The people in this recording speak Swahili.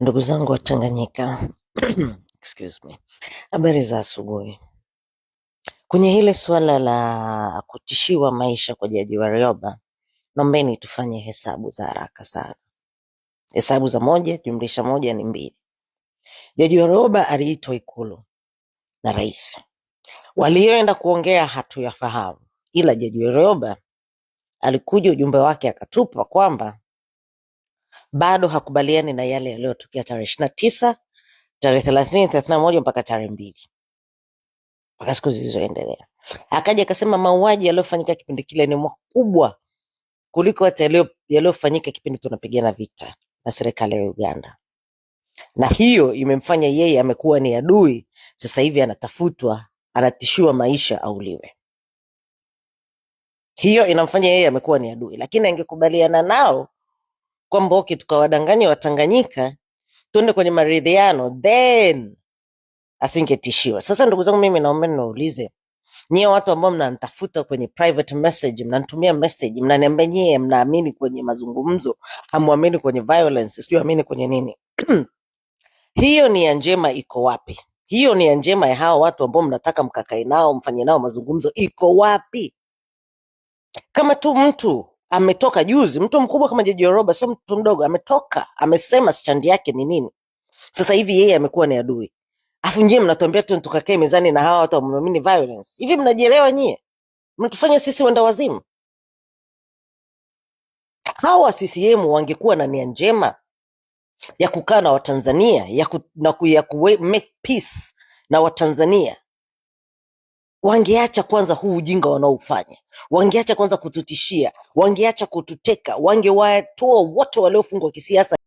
Ndugu zangu wa Tanganyika, excuse me, habari za asubuhi. Kwenye hili suala la kutishiwa maisha kwa Jaji Warioba, naombeni tufanye hesabu za haraka sana. Hesabu za moja jumlisha moja ni mbili. Jaji Warioba aliitwa Ikulu na rais, walioenda kuongea hatuyafahamu, ila Jaji Warioba alikuja ujumbe wake akatupa kwamba bado hakubaliani na yale yaliyotokea tarehe ishirini na tisa tarehe thelathini thelathini na moja mpaka tarehe mbili mpaka siku zilizoendelea. Akaja akasema mauaji yaliyofanyika kipindi kile ni makubwa kuliko hata yaliyofanyika kipindi tunapigana vita na serikali ya Uganda, na hiyo imemfanya yeye amekuwa ni adui. Sasa hivi anatafutwa, anatishiwa maisha auliwe. Hiyo inamfanya yeye amekuwa ni adui, lakini angekubaliana nao kwamba okay, tukawadanganya Watanganyika tuende kwenye maridhiano then asingetishiwa. Sasa ndugu zangu, mimi naomba niwaulize nyie watu ambao mnanitafuta kwenye private message, mnanitumia message, mnaniambia nyie mnaamini kwenye mazungumzo, hamuamini kwenye violence, sijui amini kwenye nini hiyo ni ya njema iko wapi? Hiyo ni ya njema ya hawa watu ambao mnataka mkakae nao mfanye nao mazungumzo iko wapi? Kama tu mtu ametoka juzi, mtu mkubwa kama jaji waroba sio mtu mdogo, ametoka amesema standi yake ni nini. Sasa hivi yeye amekuwa ni adui, afu nyie mnatuambia tu tukakae mezani na hawa watu wamwamini violence. Hivi mnajielewa nyie? Mnatufanya sisi wenda wazimu. Hawa CCM wangekuwa na nia njema ya kukaa na Watanzania ya ku, na ku, ya ku make peace na Watanzania wangeacha kwanza huu ujinga wanaoufanya, wangeacha kwanza kututishia, wangeacha kututeka, wangewatoa wote waliofungwa kisiasa.